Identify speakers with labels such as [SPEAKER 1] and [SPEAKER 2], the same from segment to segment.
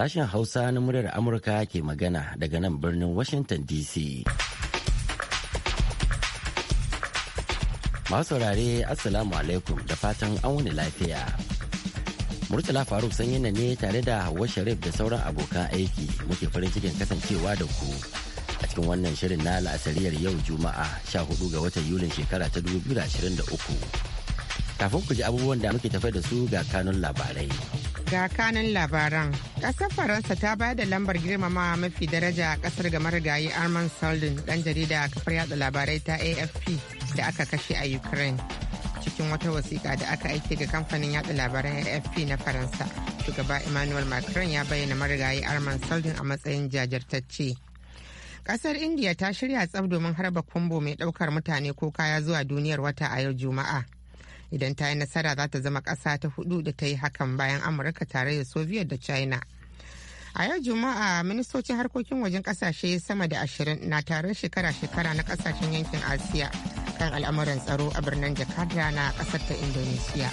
[SPEAKER 1] Sashen Hausa na muryar Amurka ke magana daga nan birnin Washington DC. Masu saurare Assalamu alaikum da fatan an wani lafiya. Murtala Faruk sanyina ne tare da Hauwa Sharif da sauran abokan aiki muke farin cikin kasancewa da ku a cikin wannan shirin na la'asariyar yau Juma'a 14 ga watan Yulin shekara ta 2023. Kafin ku ji abubuwan da muke tafai da su ga kanun labarai.
[SPEAKER 2] ga kanan labaran kasar faransa ta bayar da lambar girmama mafi daraja a kasar ga marigayi arman saldin dan jarida kafar yatsa labarai ta afp da aka kashe a ukraine cikin wata wasiƙa da aka aike ga kamfanin yatsa labaran afp na faransa shugaba emmanuel macron ya bayyana marigayi arman saldin a matsayin jajirtacce kasar india ta shirya tsab domin harba kumbo mai ɗaukar mutane ko kaya zuwa duniyar wata a yau juma'a idan ta yi nasara za ta zama ƙasa ta hudu da ta yi hakan bayan amurka tare da soviet da china a yau juma'a ministocin harkokin wajen ƙasashe sama da ashirin na taron shekara-shekara na kasashen yankin asiya kan al'amuran tsaro a birnin jakarta na kasar ta indonesia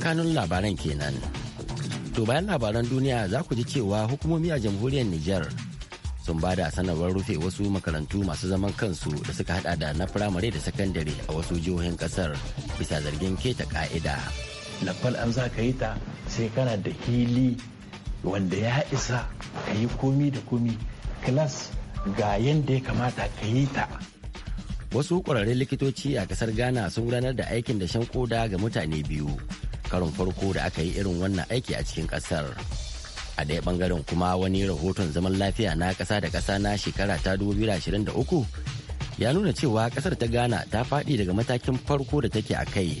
[SPEAKER 1] kanun labaran kenan to bayan labaran duniya za ku ji cewa hukumomi a jamhuriyar niger sun ba da sanarwar rufe wasu makarantu masu zaman kansu da suka hada da na firamare da sakandare a wasu jihohin kasar bisa zargin keta ka'ida.
[SPEAKER 3] Lafal an za ka yi ta sai kana da hili
[SPEAKER 1] wanda ya isa ka yi komi da komi kilas ga yadda ya kamata ka yi ta. Wasu ƙwararrun likitoci a kasar Ghana sun gudanar da aikin da shan koda ga mutane biyu. Karin farko da aka yi irin wannan aiki a cikin kasar. a ɗaya bangaren kuma wani rahoton zaman lafiya na ƙasa da ƙasa na shekara ta 2023 ya nuna cewa ƙasar ta ghana ta faɗi daga matakin farko da take a kai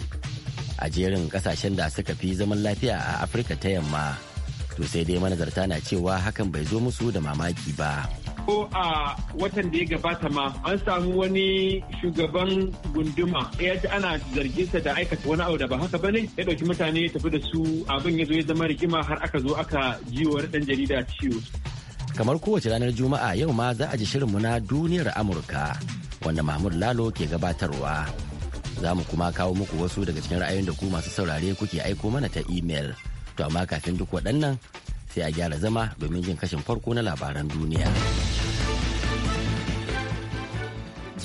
[SPEAKER 1] a jerin ƙasashen da suka fi zaman lafiya a afirka ta yamma to sai dai manazarta na cewa hakan bai zo musu da mamaki ba.
[SPEAKER 4] ko a watan da ya gabata ma an samu wani shugaban gunduma ya ji ana zarginsa da aikata wani abu da ba haka bane ya dauki mutane ya tafi da su abin ya zo ya zama rigima har aka zo aka wa ɗan jarida ciwo
[SPEAKER 1] kamar kowace ranar juma'a yau ma za a ji shirin mu na duniyar amurka wanda mahmud lalo ke gabatarwa za mu kuma kawo muku wasu daga cikin ra'ayin da ku masu saurare kuke aiko mana ta imel to amma kafin duk waɗannan sai a gyara zama domin jin kashin farko na labaran duniya.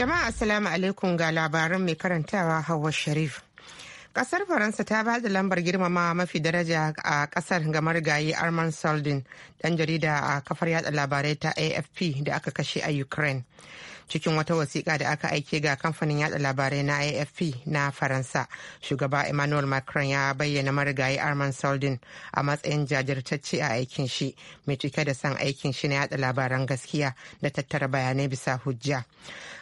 [SPEAKER 2] Jama'a Assalamu alaikum ga labaran mai karantawa Hauwa Sharif. Kasar Faransa ta ba da lambar girmama mafi daraja a kasar ga marigayi Arman Saldin, dan jarida a kafar yada labarai ta AFP da aka kashe a Ukraine. cikin wata wasiƙa da aka aike ga kamfanin yada labarai na afp na faransa shugaba emmanuel macron ya bayyana marigayi arman saldin a matsayin jajirtacce a aikin shi mai cike da san aikin shi na yada labaran gaskiya da tattara bayanai bisa hujja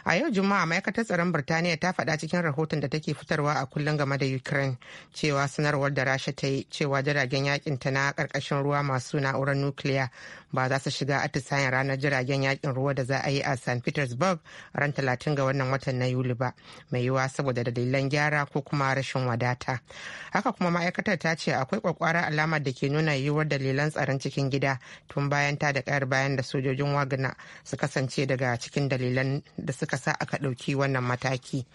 [SPEAKER 2] a yau juma'a ma'aikatar tsaron birtaniya ta faɗa cikin rahoton da take fitarwa a kullum game da ukraine cewa sanarwar da rasha ta yi cewa jiragen yakin ta na ƙarƙashin ruwa masu na'urar nukiliya ba za su shiga atisayen ranar jiragen yakin ruwa da za a yi a st petersburg ran talatin ga wannan watan na yuli ba mai yiwuwa saboda dalilan gyara ko kuma rashin wadata haka kuma ma'aikatar ta ce akwai kwakwara alama da ke nuna yiwuwar dalilan tsaron cikin gida tun bayan ta da kayar bayan da sojojin wagner su kasance daga cikin dalilan da suka sa aka ɗauki wannan mataki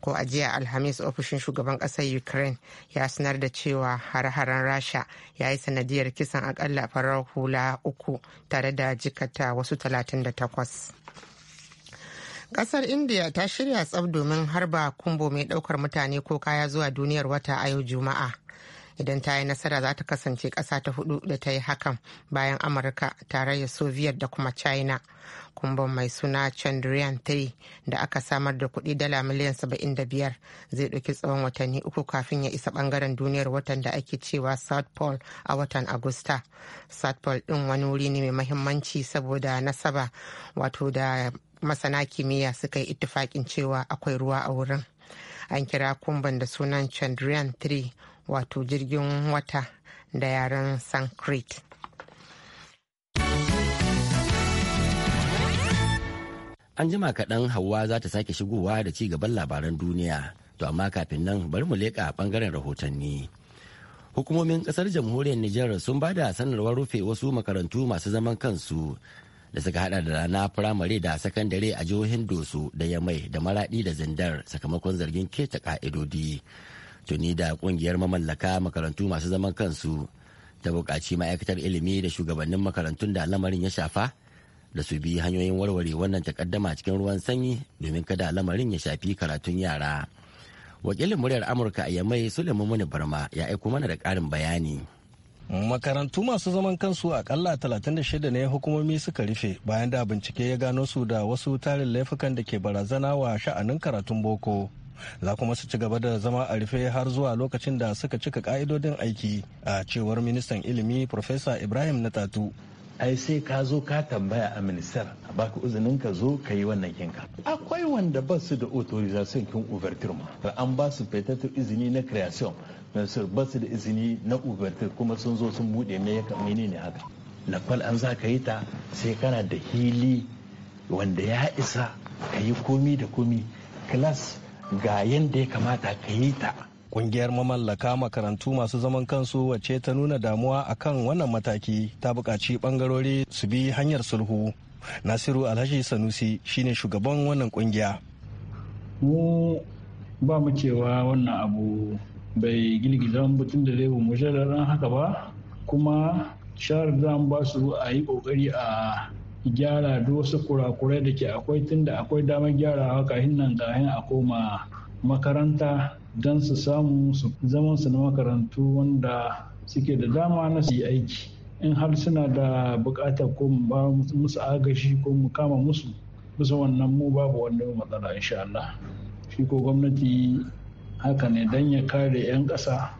[SPEAKER 2] ko a jiya alhamis ofishin shugaban ƙasar ukraine ya sanar da cewa har-haren rasha ya yi sanadiyar kisan akalla farar hula uku tare da jikata wasu 38. kasar india ta shirya tsab domin harba kumbo mai daukar mutane ko kaya zuwa duniyar wata a yau juma'a idan ta yi nasara za ta kasance ƙasa ta hudu da ta yi hakan bayan amurka tarayyar soviet da kuma china kumban mai suna chandrayaan 3 da aka samar da kuɗi dala miliyan 75 zai ɗauki tsawon watanni uku kafin ya isa ɓangaren duniyar watan da ake cewa south pole a watan agusta south pole ɗin wani wuri ne mai mahimmanci saboda nasaba wato da masana kimiyya suka yi ittifaƙin cewa akwai ruwa a wurin an kira kumban da sunan chandrayaan 3 wato jirgin wata da yaren sanskrit an jima
[SPEAKER 1] kaɗan hawa za ta sake shigowa da ci gaban labaran duniya to amma kafin nan bari mu leƙa ɓangaren rahotanni hukumomin ƙasar jamhuriyar Nijar sun ba da sanarwar rufe wasu makarantu masu zaman kansu da suka hada da rana firamare da sakandare a jihohin Doso da Yamai da Maradi da Zindar sakamakon zargin keta ka'idodi. tuni da kungiyar mamallaka makarantu masu zaman kansu ta bukaci ma'aikatar ilimi da shugabannin makarantun da lamarin ya shafa da su bi hanyoyin warware wannan takaddama cikin ruwan sanyi domin kada lamarin ya shafi karatun yara wakilin muryar amurka a yamai suleiman muni barma ya aiko mana da ƙarin bayani makarantu masu zaman kansu
[SPEAKER 3] akalla 36 ne hukumomi suka rufe bayan da bincike ya gano su da wasu tarin laifukan da ke barazana wa sha'anin karatun boko za kuma su ci gaba da zama a rufe har zuwa lokacin da suka cika ka'idodin aiki a cewar ministan ilimi Profesa Ibrahim Natatu. ai sai ka zo ka tambaya a ministar a baka izinin ka zo ka yi wannan kinka akwai wanda ba su da authorization kin overture ma an ba su izini na creation na ba su da izini na overture kuma sun zo sun bude me ya kamini ne haka na fal an za ka yi ta sai kana da hili wanda ya isa ka yi komi da komi class ga yadda ya kamata ka yi ta Ƙungiyar mamallaka makarantu masu zaman kansu wacce ta nuna damuwa akan wannan mataki ta buƙaci ɓangarori su bi hanyar sulhu. Nasiru Alhashi Sanusi shine shugaban wannan ƙungiya. Mu ba mu cewa wannan abu bai girgiza mutum da zai mu haka ba kuma shahar za mu ba su a yi ƙoƙari a gyara duk wasu kurakurai da ke akwai tun da akwai damar gyarawa kahin nan kahin a koma makaranta don su samu su zaman su na makarantu wanda suke da dama na su yi aiki in har suna da buƙatar ko mu ba musu agashi ko mu kama musu bisa wannan mu babu wanda matsala insha Allah shi ko gwamnati haka ne don ya kare 'yan ƙasa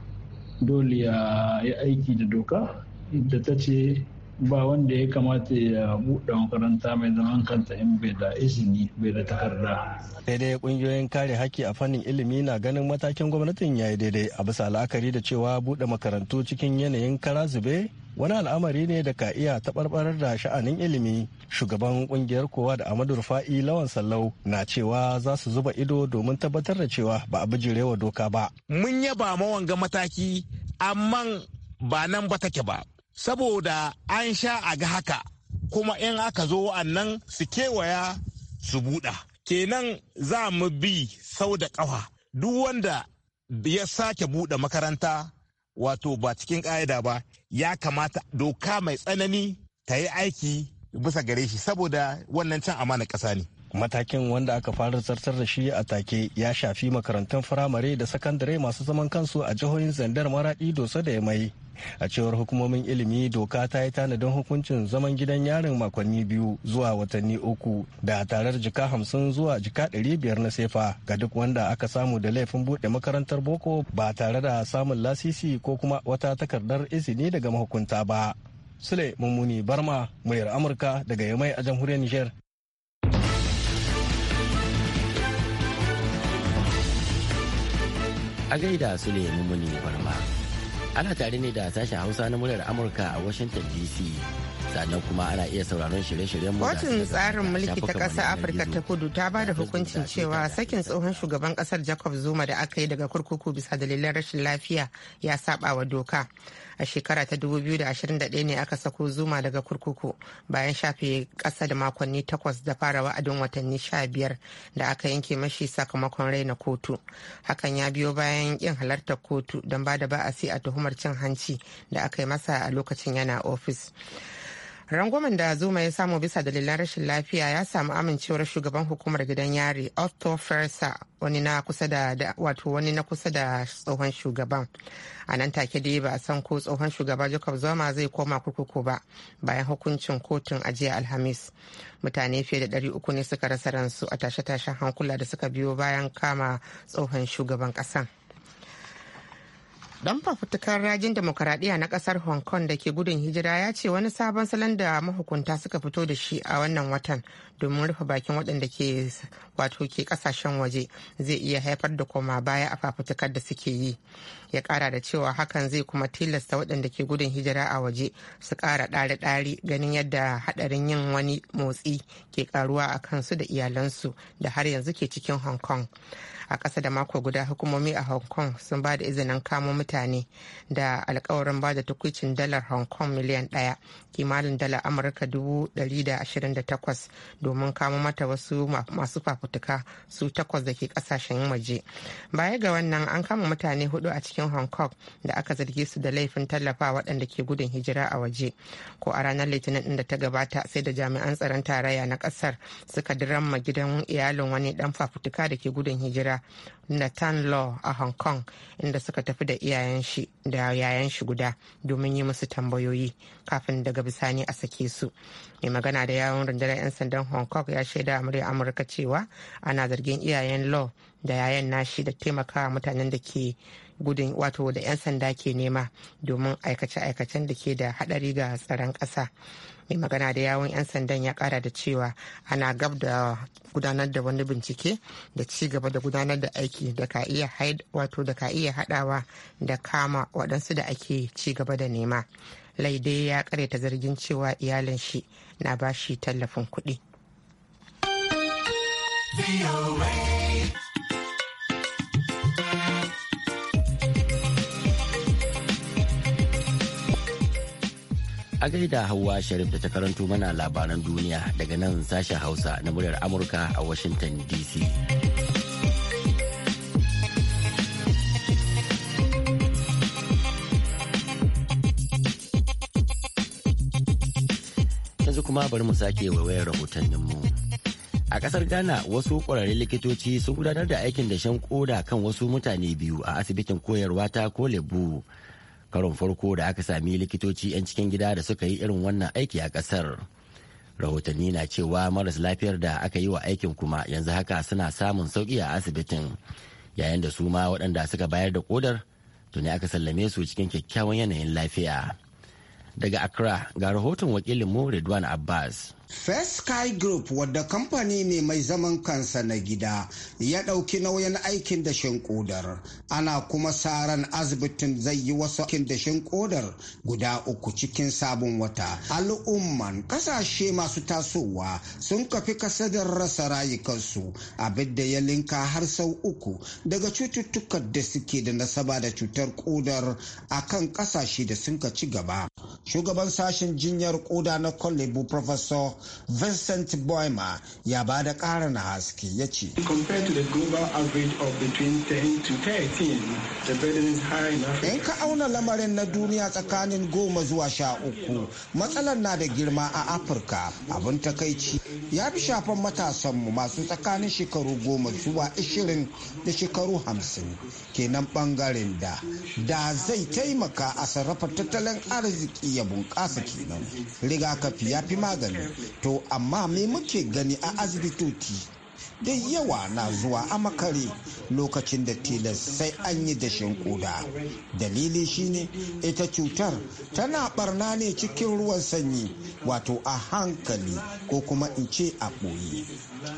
[SPEAKER 3] dole ya yi aiki da doka da ta ce ba wanda ya kamata ya buɗe makaranta mai zaman kanta in bai da izini bai da takarda. daidai kungiyoyin kare haƙƙi a fannin ilimi na ganin matakin gwamnatin ya yi daidai a bisa la'akari da cewa buɗe makarantu cikin yanayin kara zube wani al'amari ne da ka iya taɓarɓarar da sha'anin ilimi shugaban kungiyar kowa da amadu rufa'i lawan sallau na cewa za su zuba ido domin tabbatar da cewa ba a bijirewa doka ba mun yaba
[SPEAKER 5] mawanga mataki amma ba nan ba take ba saboda an sha a ga haka kuma in aka zo wa'annan su kewaya su buɗa kenan za mu bi sau da ƙafa duk wanda ya sake buɗe makaranta wato ba cikin ƙa'ida ba ya kamata doka mai tsanani ta yi aiki bisa gare shi saboda wannan can amana ƙasa ne matakin
[SPEAKER 3] wanda aka fara zartar da shi a take ya shafi makarantun firamare da sakandare masu zaman kansu a jihohin zandar maraɗi dosa da ya mai a cewar hukumomin ilimi doka ta yi tanadin hukuncin zaman gidan yarin makonni biyu zuwa watanni uku da tarar jika hamsin zuwa jika ɗari biyar na sefa ga duk wanda aka samu da laifin buɗe makarantar boko ba tare da samun lasisi ko kuma wata takardar izini daga mahukunta ba sule mummuni barma muryar amurka daga yamai a jamhuriyar niger
[SPEAKER 1] a gaida sule mummuni barma ana tare ne da sashen hausa na muryar amurka a washington dc sannan kuma ana iya sauraron shirye-shiryen mu kotun tsarin mulki ta ƙasa afirka ta
[SPEAKER 2] kudu ta ba da hukuncin cewa sakin tsohon shugaban ƙasar jacob zuma da aka yi daga kurkuku bisa dalilan rashin lafiya ya saba wa doka a shekara ta 2021 ne aka sako zuma daga kurkuku bayan shafe ƙasa da makonni takwas da fara wa'adin watanni sha biyar da aka yanke mashi sakamakon raina kotu hakan ya biyo bayan yin halartar kotu don ba da ba'asi a tuhumar cin hanci da aka yi masa a lokacin yana ofis rangwamen da zuma ya samu bisa dalilan rashin lafiya ya samu amincewar shugaban hukumar gidan yari otto fersa wani na kusa da wato wani na kusa da tsohon shugaban a nan take dai ba a san ko tsohon shugaba jacob zoma zai koma kurkuku ba bayan hukuncin kotun ajiya alhamis mutane fiye da ɗari uku ne suka rasa ransu a tashe-tashen hankula da suka biyo bayan kama tsohon shugaban kasan Dan fafutukar rajin demokaradiyya na kasar Hong Kong da ke gudun hijira ya ce wani sabon salon da mahukunta suka fito da shi a wannan watan domin rufe bakin waɗanda ke wato ke kasashen waje zai iya haifar da koma baya a fafutukar da suke yi. Ya ƙara da cewa hakan zai kuma tilasta waɗanda ke gudun hijira a waje su kara ɗare-ɗare ganin yadda haɗarin yin wani motsi ke ƙaruwa a kansu da iyalansu da har yanzu ke cikin Hong Kong. a ƙasa da mako guda hukumomi a hong kong sun ba da izinin kamo mutane da alkawarin ba da tukwicin dalar hong kong miliyan ɗaya kimanin dalar amurka 128 domin kamo mata wasu masu fafutuka su takwas da ke ƙasashen waje baya ga wannan an kama mutane hudu a cikin hong kong da aka zargi su da laifin tallafa waɗanda ke gudun hijira a waje ko a ranar litinin ɗin da ta gabata sai da jami'an tsaron tarayya na ƙasar suka diramma gidan iyalin wani ɗan fafutuka da ke gudun hijira amurka nathan law a hong kong inda suka tafi da iyayen shi da yayan shi guda domin yi musu tambayoyi kafin daga bisani a sake su mai magana da yawon rundunar 'yan sandan hong kong ya shaida a murya amurka cewa ana zargin iyayen law da yayan nashi da taimakawa mutanen da ke gudun wato da 'yan sanda ke nema domin aikace-aikacen da ke da hadari ga tsaron ƙasa. mai magana da yawon 'yan sandan ya kara da cewa ana gab da gudanar da wani bincike da ci gaba da gudanar da aiki da ka iya wato da ka iya hadawa da kama waɗansu da ake ci gaba da nema laide ya ta zargin cewa iyalin shi na bashi tallafin kuɗi.
[SPEAKER 1] A gaida Hauwa Sharif da ta karanto mana labaran duniya daga nan sashen Hausa na muryar Amurka a Washington DC. Yanzu kuma bari mu sake waiwayar rahotanninmu. A kasar Ghana wasu ƙwararrun likitoci sun gudanar da aikin da shan koda kan wasu mutane biyu a asibitin koyarwa ta Kolebu karon farko da aka sami likitoci 'yan cikin gida da suka yi irin wannan aiki a kasar rahotanni na cewa maras lafiyar da aka yi wa aikin kuma yanzu haka suna samun sauki a asibitin yayin da su ma waɗanda suka bayar da kodar tuni aka sallame su cikin kyakkyawan yanayin lafiya daga accra ga rahoton wakilin mu redwan abbas
[SPEAKER 5] First Sky Group wadda kamfani ne mai zaman kansa na gida ya ɗauki nauyin aikin dashen kodar. Ana kuma saran asibitin zai yi wasu aikin dashen kodar guda uku cikin sabon wata. Al'umman kasashe masu tasowa sun kafi kasadar rasa rayukansu abin da ya linka har sau uku daga cututtukan da suke da nasaba da cutar kodar a kan kasashe da sun ka ci gaba. Shugaban sashen jinyar koda na Kolebu Professor vincent boima ya ba da na haske ya ce in ka auna lamarin na duniya tsakanin goma zuwa sha uku matsalar na da girma a afirka abin takaici ya fi shafan matasanmu masu tsakanin shekaru goma zuwa ishirin da shekaru hamsin kenan bangaren da da zai taimaka a sarrafa tattalin arziki ya bunƙasa kenan rigakafi ya fi magani to amma me muke gani a asibitoci da yawa na zuwa a makare lokacin da tilas sai an yi dashen koda dalili shine ita cutar tana barna ne cikin ruwan sanyi wato a hankali ko kuma in ce a ɓoye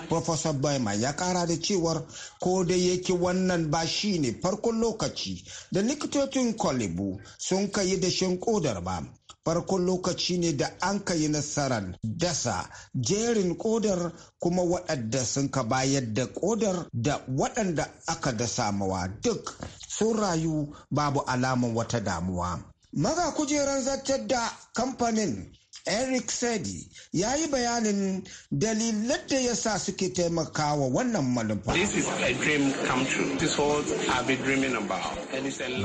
[SPEAKER 5] Professor Baima ya kara da cewar ko da yake wannan ba shi ne farkon lokaci da likitocin kwalibu sun kayi dashen kodar ba farkon lokaci ne da an ka yi nasarar dasa jerin kodar kuma waɗanda sun ka bayar da kodar da waɗanda aka dasa mawa duk sun rayu babu alaman wata damuwa. Maza kujerar zartar da kamfanin Eric Sedi ya yi bayanin dalilan da ya sa suke taimakawa wannan manufa.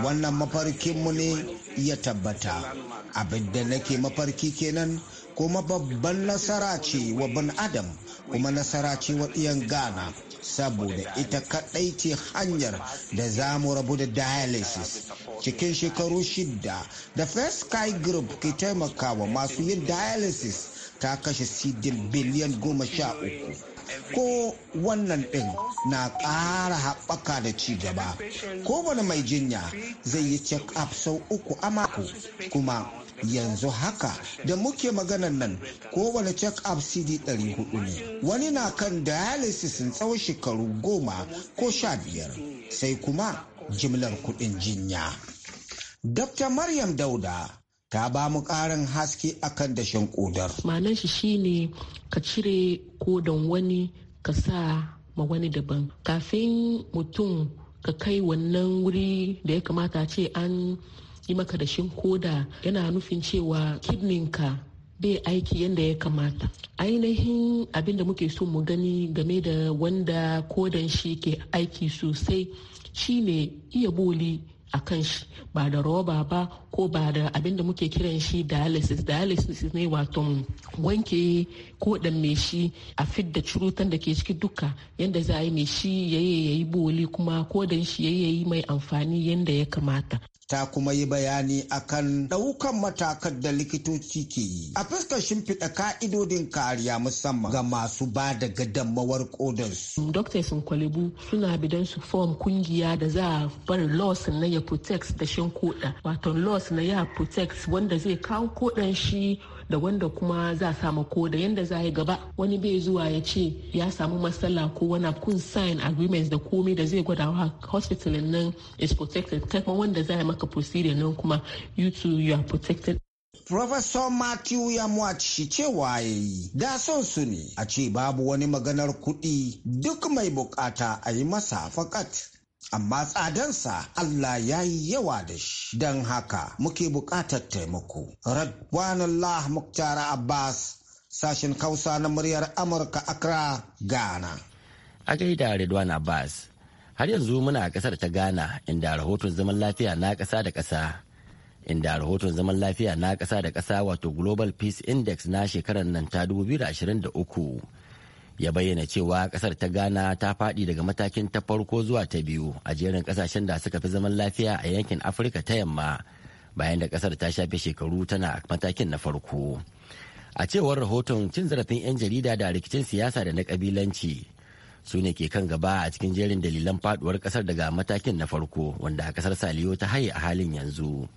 [SPEAKER 5] Wannan mafarkinmu ne ya tabbata. Abin da nake mafarki kenan kuma babban nasara ce wa bin Adam kuma nasara ce wa ɗiyan Ghana. saboda ita kaɗai ce hanyar da za mu rabu da dialysis cikin shekaru shida da first sky group ke taimakawa masu yin dialysis ta kashe sidin biliyan goma sha uku ko wannan ɗin na ƙara haɓaka da ci gaba ko wani mai jinya zai yi check-up sau uku a mako kuma yanzu haka da muke maganan nan kowane check-up cd 400 ne wani na kan dialysis tsawon shekaru goma ko sha biyar sai kuma jimlar kudin jinya dr maryam dauda ta ba mu karin haske akan dashen kodar
[SPEAKER 6] Manan shi shine ka cire kodan wani ka sa ma wani daban kafin mutum ka kai wannan wuri da ya kamata ce an yi maka dashin koda yana nufin cewa kidninka bai aiki yadda ya kamata ainihin abin da muke so mu gani game da wanda kodan shi ke aiki sosai shine iya boli a kan shi ba da roba ba ko ba da abin da muke kiran shi dialysis dialysis ne wato wanke koɗan mai shi a fidda curutan da ke ciki duka yadda za a yi mai shi yayi yayi boli kuma kodan shi yayi mai amfani yadda ya kamata
[SPEAKER 5] ta kuma yi bayani akan ɗaukan matakan da likitoci ke yi a fuskar shimfiɗa ka'idodin kariya musamman ga masu ba da gadammawar kodarsu.
[SPEAKER 6] Dr. sun kwalibu suna bidan su form kungiya da za a bar loss na ya protect da shan koda wato los na ya protect wanda zai kawo kodan shi da wanda kuma za a samu ko da yanda za a yi gaba wani bai zuwa ya ce ya samu matsala ko wani kun sign agreements da komi da zai gwada wa hospital nan is protected kuma wanda za a yi maka procedure nan kuma you too you are protected
[SPEAKER 5] Professor Matthew shi cewa ya yi, da son su ne a ce babu wani maganar kuɗi duk mai bukata a yi masa fakat. amma tsadansa Allah ya yi yawa da shi don haka muke buƙatar taimako. Allah Muktara Abbas sashen kausa na muryar Amurka Accra, Ghana.
[SPEAKER 1] A gaida Redwan Abbas, har yanzu muna a ƙasar ta Ghana inda rahoton zaman lafiya na ƙasa da ƙasa. Inda rahoton zaman lafiya na ƙasa da ƙasa wato Global Peace Index na shekarar nan ta 2023 ya bayyana cewa kasar ta ghana ta faɗi daga matakin ta farko zuwa ta biyu a jerin kasashen da suka fi zaman lafiya a yankin afirka ta yamma bayan da kasar ta shafe shekaru tana matakin na farko a cewar rahoton cin zarafin 'yan jarida da rikicin siyasa da na kabilanci su ne ke kan gaba a cikin jerin dalilan faduwar kasar daga matakin na farko wanda kasar saliyo ta haye a halin yanzu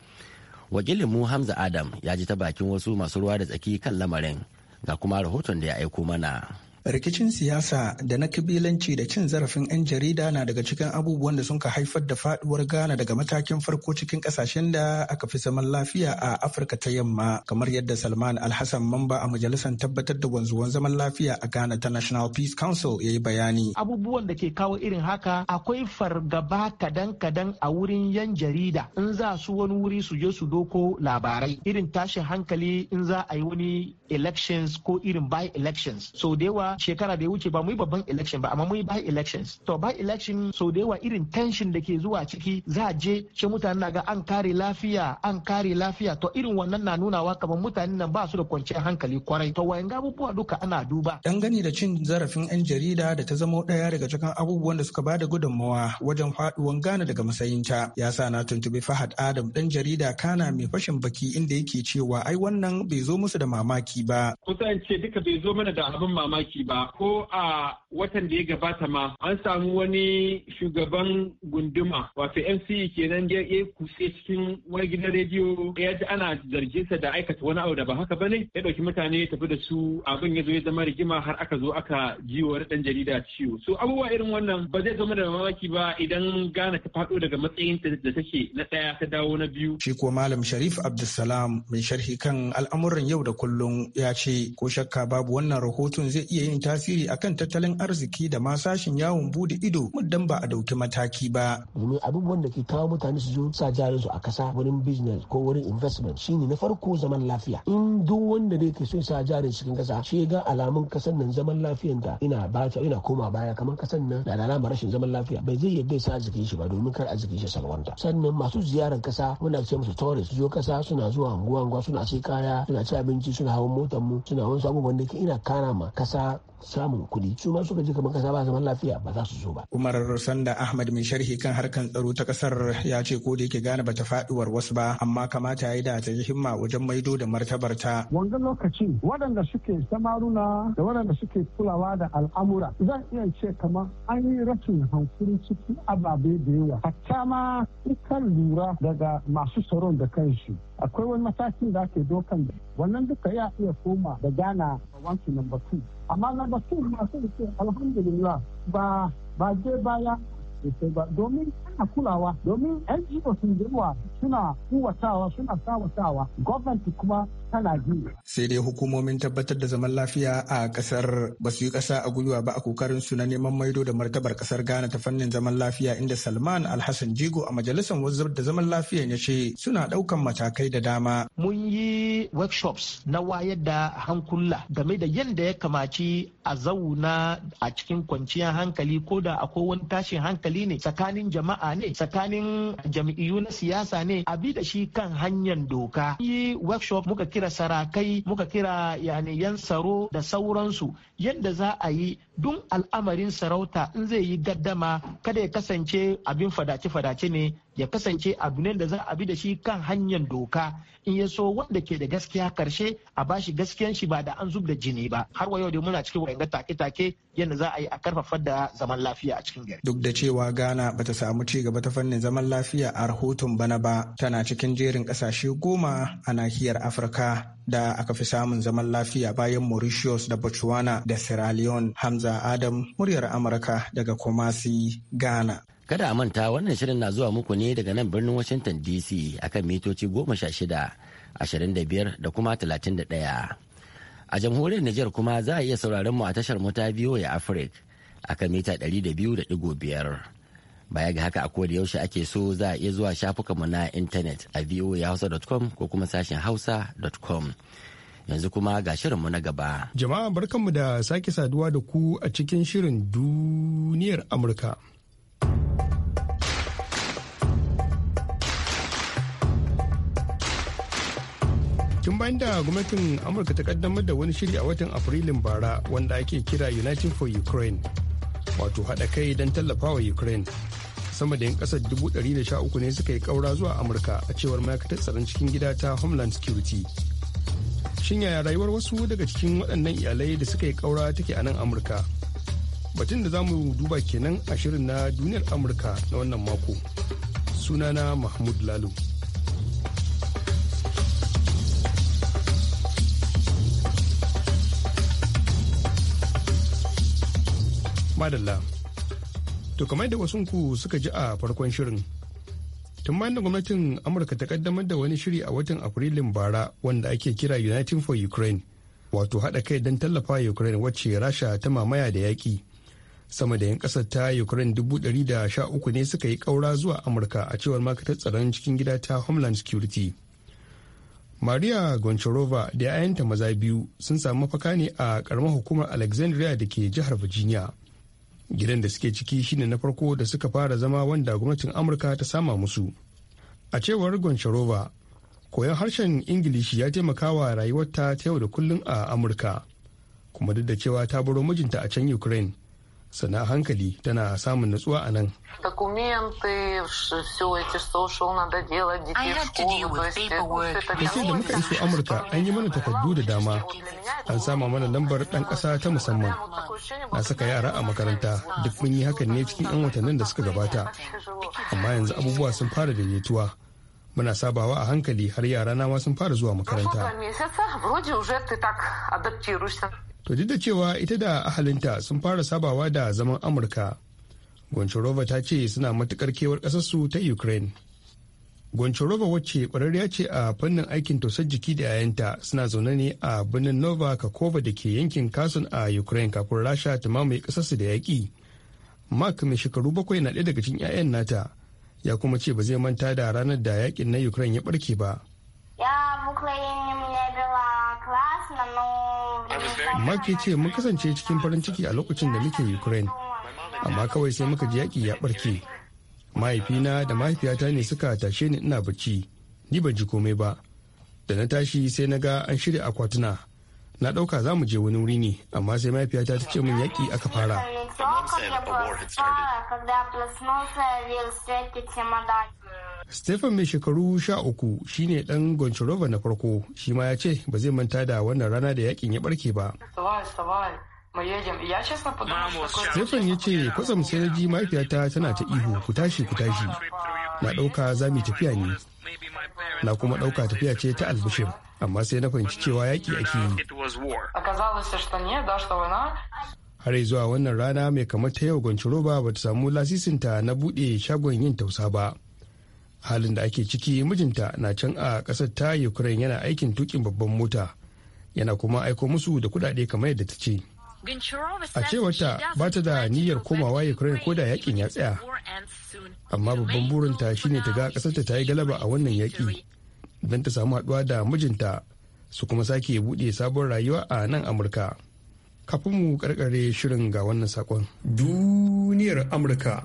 [SPEAKER 1] wakilin mu hamza adam ya ji ta bakin wasu masu ruwa da tsaki kan lamarin ga kuma rahoton da ya aiko mana
[SPEAKER 7] rikicin siyasa da na kabilanci da cin zarafin 'yan jarida na daga cikin abubuwan da sun ka haifar da faduwar ghana daga matakin farko cikin kasashen da aka fi zaman lafiya a afirka ta yamma kamar yadda salman alhassan mamba a majalisar tabbatar da wanzuwan zaman lafiya a ghana ta national peace council ya yi bayani
[SPEAKER 8] abubuwan da ke kawo irin haka akwai fargaba kadan kadan a wurin yan jarida in za su wani wuri su je su doko labarai irin tashin hankali in za a yi wani elections ko irin by elections so da yawa shekara da ya wuce ba mu yi babban election ba amma mu yi by elections to by election so da yawa irin tension da ke zuwa ciki za a je ce mutane na ga an kare lafiya an kare lafiya to irin wannan na nunawa kamar mutane nan ba su da kwanciyar hankali kwarai to wayan abubuwa duka ana duba gani da cin zarafin yan jarida da ta zama
[SPEAKER 7] daya daga cikin abubuwan da suka bada gudunmawa wajen faduwan gane daga masayinta. ya sa na tuntubi Fahad Adam dan jarida kana mai fashin baki inda yake cewa ai wannan bai zo musu da mamaki ba
[SPEAKER 3] kusan ce duka bai zo mana da abin mamaki mulki ba ko a watan da ya gabata
[SPEAKER 4] ma an samu wani shugaban gunduma wato mce kenan ya yi kutse cikin wani gidan rediyo ya ji ana zargin sa da aikata wani abu da ba haka bane ya dauki mutane tafi da su abin ya zo ya zama rigima har aka zo aka ji wa dan jarida ciwo so abubuwa irin wannan ba zai zama da mamaki ba idan gana ta faɗo daga matsayin da take na
[SPEAKER 7] ɗaya ta dawo na biyu shi ko malam sharif abdulsalam mai sharhi kan al'amuran yau da kullum ya ce ko shakka babu wannan rahoton zai iya yin tasiri akan tattalin arziki da ma sashin yawon bude ido muddan ba a dauki mataki ba.
[SPEAKER 8] Domin abubuwan da ke kawo mutane su zo sa jarin su a kasa wurin business ko wurin investment shine na farko zaman lafiya. In duk wanda ne ke so sa jarin cikin kasa shi ga alamun kasar nan zaman lafiyan da ina ba ina koma baya kamar kasar nan da alama rashin zaman lafiya bai zai yadda sa arzikin shi ba domin kar arzikin shi salwanta. Sannan masu ziyarar kasa muna ce musu tourist zo kasa suna zuwa anguwa anguwa suna sai kaya suna ci abinci suna hawan motar mu suna wasu abubuwan da ke ina kara ma kasa samun kudi su ma suka ji kamar kasa ba zaman lafiya ba za su zo ba.
[SPEAKER 7] Umar Sanda Ahmad mai sharhi kan harkan tsaro ta kasar ya ce ko da yake gane bata faduwar wasu ba amma kamata ya yi da ta yi himma wajen maido da martabar ta.
[SPEAKER 8] Wanga lokaci waɗanda suke samaruna da waɗanda suke kulawa da al'amura zan iya ce kamar an yi rashin hankuri cikin ababe da yawa. Hatta ma kan lura daga masu tsaron da kansu akwai wani matakin da ake dokan wannan duka ya iya koma da gana wanki wancan lambatu. amma na ga su masu da alhamdulillah ba ba je baya da ba domin ana kulawa domin NGO sun girma suna kuwatawa suna sawatawa government kuma tana biyu.
[SPEAKER 7] Sai dai hukumomin tabbatar da zaman lafiya a kasar ba su yi kasa a gwiwa ba a kokarin su na neman maido da martabar kasar Ghana ta fannin zaman lafiya inda Salman Alhassan Jigo a majalisar wazzar da zaman
[SPEAKER 8] lafiya ya ce suna daukan matakai da dama. Mun yi workshops na wayar da hankula game da yadda ya kamaci a zauna a cikin kwanciyar hankali ko da akwai wani tashin hankali ne tsakanin jama'a ne tsakanin jam'iyyu na siyasa ne a bi da shi kan hanyar doka yi workshop muka kira sarakai muka kira yani yan tsaro da sauransu yadda za a yi dun al'amarin sarauta in zai yi gaddama kada ya kasance abin fadace-fadace ne ya kasance abu ne da za a bi da shi kan hanyar doka in ya so wanda ke da gaskiya karshe a bashi gaskiyan shi ba da an zub da jini ba har wa yau da muna cikin wayan take-take yadda za a yi a karfafa da zaman lafiya a cikin gari.
[SPEAKER 7] Duk da cewa Ghana bata samu ci gaba ta fannin zaman lafiya a rahoton bana ba tana cikin jerin kasashe goma a nahiyar Afirka da aka fi samun zaman lafiya bayan Mauritius da Botswana da Sierra Leone. Hamza Adam muryar Amurka daga Kumasi, Ghana.
[SPEAKER 1] Kada a manta wannan shirin na zuwa muku ne daga nan birnin Washington DC akan mitoci goma sha shida, ashirin da biyar da kuma talatin da ɗaya. A jamhuriyar Nijar kuma za a iya sauraron mu a tashar mu ta ya a akan mita ɗari da biyu da ɗigo biyar. Baya ga haka a koda yaushe ake so za a iya zuwa shafukanmu na intanet a voahausa.com ko kuma sashen hausa.com. yanzu kuma ga shirinmu na gaba.
[SPEAKER 4] Jama'a barkanmu da sake saduwa da ku a cikin shirin duniyar Amurka. tun bayan da gwamnatin amurka ta kaddamar da wani shiri a watan afrilun bara wanda ake kira united for ukraine wato haɗa kai don tallafawa ukraine sama da 'yan ƙasar 113 ne suka yi ƙaura zuwa amurka a cewar ma'aikatar tsaron cikin gida ta homeland security shin yaya rayuwar wasu daga cikin waɗannan iyalai da suka yi ƙaura take a nan amurka batun da za mu duba kenan a shirin na duniyar amurka na wannan mako sunana mahmud lalu madalla to kamar da wasunku suka ji a farkon shirin tun bayan da gwamnatin amurka ta kaddamar da wani shiri a watan afrilun bara wanda ake kira uniting for ukraine wato haɗa kai don tallafa ukraine wacce rasha ta mamaya da yaƙi sama da 'yan kasar ta ukraine dubu dari da sha uku ne suka yi kaura zuwa amurka a cewar makatar tsaron cikin gida ta homeland security maria goncharova da 'ya'yanta maza biyu sun samu mafaka ne a karamar hukumar alexandria da ke jihar virginia gidan da suke ciki shine na farko da suka fara zama wanda gwamnatin amurka ta sama musu a cewar goncharova koyon harshen ingilishi ya taimakawa wa rayuwarta ta yau da kullum a amurka kuma duk da cewa ta baro mijinta a can ukraine a hankali tana samun natsuwa a nan. ce
[SPEAKER 6] da muka iso
[SPEAKER 4] Amurka an yi mana takardu da dama, an sama mana lambar ɗan ƙasa ta musamman. Na saka yara a makaranta duk mun yi hakan ne cikin 'yan watannin da suka gabata. Amma yanzu abubuwa sun fara daidaituwa. muna sabawa a hankali har yara na ma sun fara zuwa makaranta. to duk da cewa ita da ahalinta sun fara sabawa da zaman amurka goncharova ta ce suna matukar kewar ƙasarsu ta ukraine goncharova wacce ƙwararriya ce a fannin aikin tosar jiki da yayanta suna zaune ne a birnin nova kakova da ke yankin kasun a ukraine kafin rasha ta mamaye ƙasarsu da yaƙi mark mai shekaru bakwai na ɗaya daga cikin 'ya'yan nata ya kuma ce ba zai manta da ranar da yaƙin na ukraine ya ɓarke ba
[SPEAKER 8] ya
[SPEAKER 4] Mark ya ce mun kasance cikin farin ciki a lokacin da muke Ukraine, amma kawai sai muka ji yaƙi ya ɓarke. Mahaifina da mahaifiyata ne suka tashe ni ina bacci, ni ban ji komai ba. Da na tashi sai na ga an shirya akwatuna. Na ɗauka za mu je wani wuri ne, amma sai mahaifiyata ta ce min yaƙi aka fara. stephen mai shekaru sha uku shine ɗan goncharova na farko shi ma ya ce ba zai manta da wannan rana da yakin ya barke ba stephen ya ce kwatsam sai ji mahaifiyata tana ta ihu ku tashi ku tashi na ɗauka za mu tafiya ne na kuma ɗauka tafiya ce ta albishir amma sai na fahimci cewa yaƙi ake yi har zuwa wannan rana mai kamar ta yau gonchoroba ba ta samu lasisinta na buɗe shagon yin tausa ba halin da ake ciki mijinta na can a ƙasar ta ukraine yana aikin tukin babban mota yana kuma aiko musu da kudade kamar yadda ta ce
[SPEAKER 6] a cewarta ba ta da niyyar komawa ukraine ko da yakin ya tsaya
[SPEAKER 4] amma babban burinta shine ta ga ƙasarta ta yi galaba a wannan yaƙi don ta samu haɗuwa da mijinta su kuma sake buɗe sabon rayuwa a nan amurka kafin mu karkare shirin ga wannan sakon
[SPEAKER 6] duniyar
[SPEAKER 4] amurka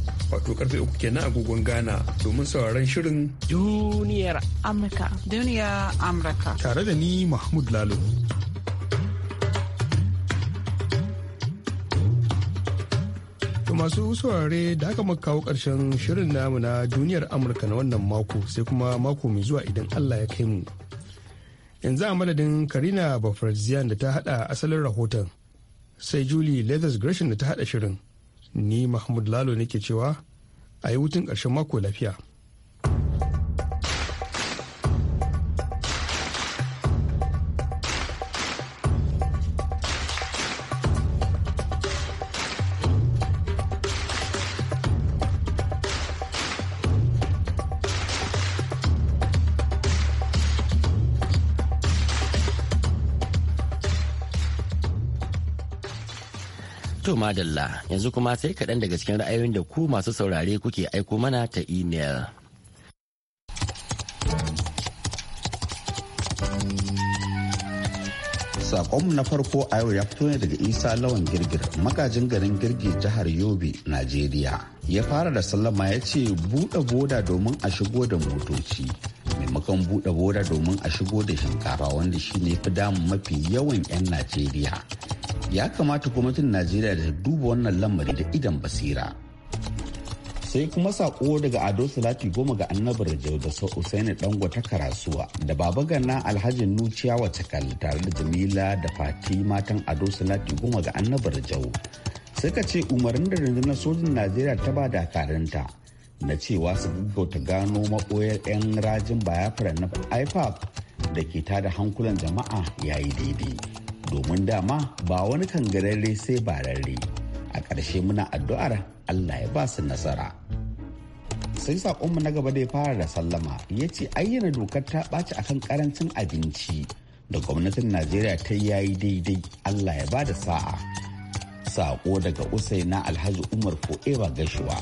[SPEAKER 4] wato karfe uku kenan agogon gana domin sauraron shirin duniyar
[SPEAKER 6] Amurka. duniya Amurka. Tare da ni
[SPEAKER 4] Mahmud Lalo. masu saurare da aka maka kawo ƙarshen shirin namu na duniyar amurka na wannan mako sai kuma mako mai zuwa idan allah ya kai mu yanzu a madadin karina bafarziyan da ta hada asalin rahoton sai julie leathers gresham da ta hada shirin ni mahmud lalo nake cewa a yi ƙarshen mako lafiya
[SPEAKER 1] To madalla yanzu kuma sai kaɗan daga cikin ra'ayoyin da ku masu saurare kuke aiko mana ta imel.
[SPEAKER 9] Sakonmu na farko a yau ya fito ne daga Isa Lawan Girgir, magajin garin girgi jihar Yobe, Najeriya. Ya fara da sallama ya ce buɗe boda domin a shigo da motoci. maimakon buɗe boda domin a shigo da shinkafa wanda shi ne fi damu mafi yawan 'yan Najeriya. ya kamata gwamnatin najeriya da duba wannan lamari da idan basira sai kuma sako daga ado salati goma ga annabar jau da sa usaini dango ta karasuwa da baba ganna alhaji nuciya wacce tare da jamila da fati matan ado salati goma ga annabar jau suka ce umarnin da rundunar sojin najeriya ta ba da karanta na cewa su gaggauta gano maboyar 'yan rajin bayafra na ipap da ke tada hankulan jama'a yayi daidai domin dama ba wani kan gararre sai bararre a ƙarshe muna addu'ar allah ya ba su nasara sai saƙonmu na gaba da ya fara da sallama ya ce ayyana dokar ta ɓaci akan karancin abinci da gwamnatin najeriya ta yayi daidai allah ya ba da sa'a saƙo daga usai na alhaji umar ko eba gashuwa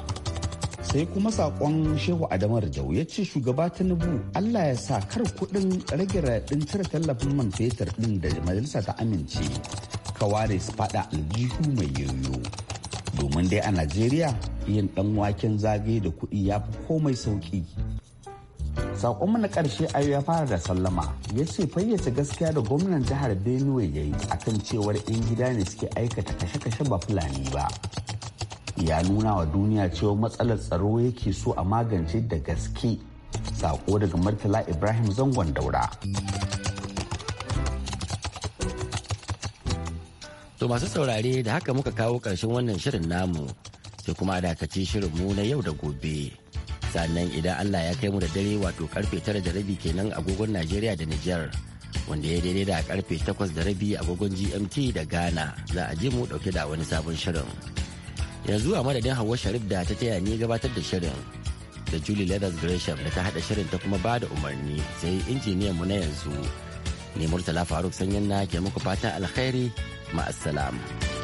[SPEAKER 9] sai kuma sakon shehu adamar jau ya ce shugaba tinubu allah ya sa kar kudin rage raɗin cire tallafin man fetur ɗin da majalisa ta amince ka ware su faɗa aljihu mai yoyo domin dai a najeriya yin dan waken zagaye da kuɗi ya fi komai sauƙi. saƙonmu na ƙarshe a ya fara da sallama ya ce fayyace gaskiya da gwamnan jihar benue ya yi akan cewar 'yan gida ne suke aikata kashe-kashe ba fulani ba ya nuna wa duniya cewa matsalar tsaro yake so a magance da gaske sako daga martala ibrahim zangon daura
[SPEAKER 1] to masu saurare da haka muka kawo karshen wannan shirin namu sai kuma dakace mu na yau da gobe sannan idan allah ya kai mu da dare wato karfe tara da rabi kenan agogon najeriya da niger wanda ya daidai da karfe takwas da rabi agogon gmt da ghana za a je mu dauke da wani sabon shirin yanzu a madadin hawa sharif da ta taya ni gabatar da shirin da julie leathers gresham da ta hada shirin ta kuma ba da umarni sai injiniyan mu na yanzu ne murtala faruk sanyin na ke muku fatan alkhairi ma'assalam.